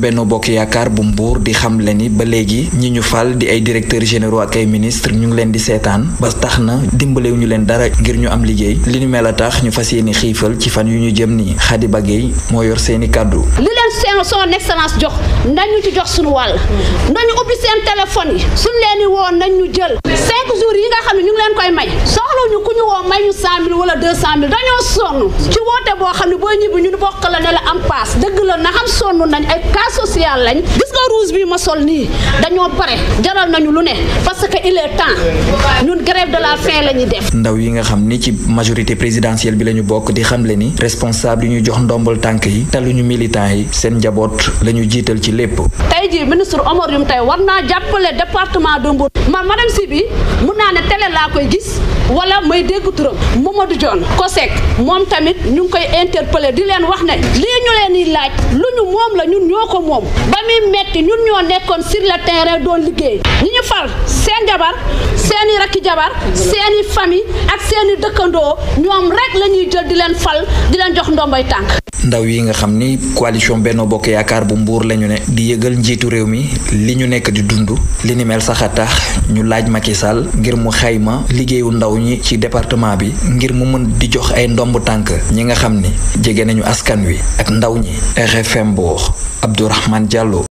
benn Bokk Yaakaar bu mbuur di xam le ni ba léegi ñi ñu fal di ay directeurs généraux ak ay ministres ñu ngi leen di seetaan ba tax na dimbalewuñu leen dara ngir ñu am liggéey li ñu mel a tax ñu fas yéene xiifal ci fan yu ñu jëm ni nii Khady Bagey moo yor seeni kàddu li leen seen son excellence jox nañu ci jox suñu wàll nañu ubbi seen téléphone yi suñ leen di woo nañ jël cinq jours yi nga xam ne ñu ngi leen koy may cent mille wala deux cent mille dañoo sonn ci woote boo xam ne boo ñibbi ñun bokk la ne la am paas dëgg la na xam sonn nañ ay cas social lañ grève de la faim la ñuy ndaw yi nga xam ni ci majorité présidentielle bi lañu bokk di xamle ni responsable yi ñu jox ndombal tànk yi taluñu militant yi seen njaboot lañu jiital ci lépp. tey jii ministre Omar Youm tey war naa jàppale département de Mbour man madame Sibi mun naa ne télé laa koy gis wala may Mamadou Dione COSEC moom tamit ñu ngi koy interpeller di leen wax ne lii ñu leen di laaj lu ñu moom la ñun ñoo ko moom ba muy metti ñun ñoo nekkoon sur doon liggéey ñi ñu fal seen jabar seeni rakki jabar seeni famille ak seeni dëkkandoo ñoom rek la jël di leen fal di leen jox ndombay tànk ndaw yi nga xam ni coalition benn Bokk Yaakaar bu Mbour lañu ne di yëgal njiitu réew mi li ñu nekk di dund li ni mel sax a tax ñu laaj Macky Sall ngir mu xayma liggéeyu ndaw ñi ci département bi ngir mu mën di jox ay ndomb tànk ñi nga xam ni jege nañu askan wi ak ndaw ñi RFM Mbour Abdourahmane Diallo